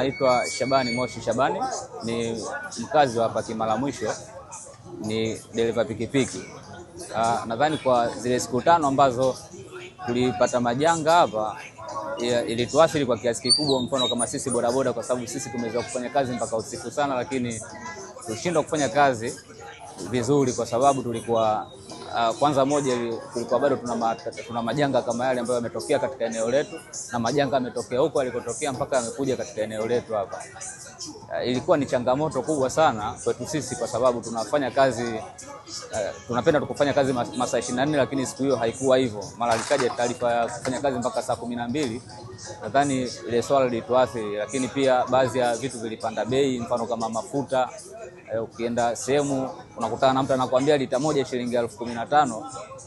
Naitwa Shabani Moshi Shabani, ni mkazi wa hapa Kimara Mwisho, ni dereva pikipiki. Ah, nadhani kwa zile siku tano ambazo tulipata majanga hapa ilituathiri kwa kiasi kikubwa, mfano kama sisi bodaboda, kwa sababu sisi tumeweza kufanya kazi mpaka usiku sana, lakini tulishindwa kufanya kazi vizuri kwa sababu tulikuwa Uh, kwanza moja, kulikuwa bado tuna, tuna majanga kama yale ambayo yametokea katika eneo letu na majanga yametokea huko alikotokea mpaka yamekuja katika eneo letu hapa. Eh, ilikuwa ni changamoto kubwa sana kwetu sisi, kwa sababu tunafanya kazi uh, tunapenda tukufanya kazi masaa ishirini na nne lakini siku hiyo haikuwa hivyo. Mara alikaja taarifa ya kufanya kazi mpaka saa kumi na mbili. Nadhani ile swala lilituathiri, lakini pia baadhi ya vitu vilipanda bei, mfano kama mafuta uh, ukienda sehemu unakutana na mtu anakuambia lita moja shilingi elfu kumi na tano.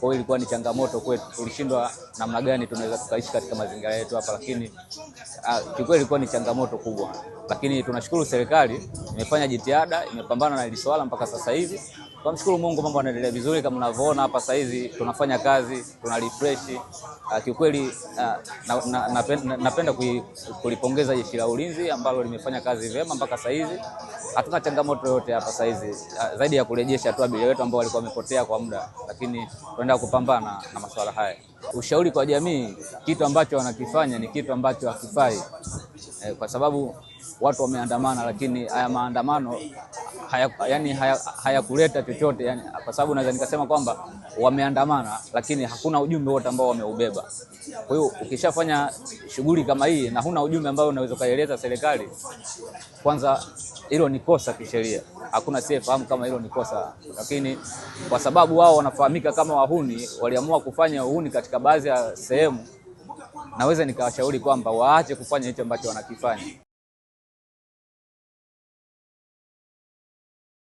Kwa hiyo ilikuwa ni changamoto kwetu, tulishindwa namna gani tunaweza tukaishi katika mazingira yetu hapa, lakini uh, ah, kiukweli ilikuwa ni changamoto kubwa, lakini tuna tunashukuru serikali imefanya jitihada, imepambana na hili swala mpaka sasa hivi. Tunamshukuru Mungu, mambo yanaendelea vizuri. Kama mnavyoona hapa sasa hivi tunafanya kazi, tuna refresh ah, kiukweli. Ah, napenda kulipongeza jeshi la ulinzi ambalo limefanya kazi vyema mpaka sasa hivi. Hatuna changamoto yoyote hapa sasa hivi ah, zaidi ya kurejesha tu abiria wetu ambao walikuwa wamepotea kwa muda, lakini tunaenda kupambana na masuala haya. Ushauri kwa jamii, kitu ambacho wanakifanya ni kitu ambacho hakifai, eh, kwa sababu watu wameandamana, lakini haya maandamano haya, yani hayakuleta haya chochote yani, kwa sababu naweza nikasema kwamba wameandamana, lakini hakuna ujumbe wote ambao wameubeba. Kwa hiyo ukishafanya shughuli kama hii na huna ujumbe ambao unaweza ukaeleza serikali, kwanza hilo ni kosa kisheria, hakuna siyefahamu kama hilo ni kosa, lakini kwa sababu wao wanafahamika kama wahuni, waliamua kufanya uhuni katika baadhi ya sehemu, naweza nikawashauri kwamba waache kufanya hicho ambacho wanakifanya.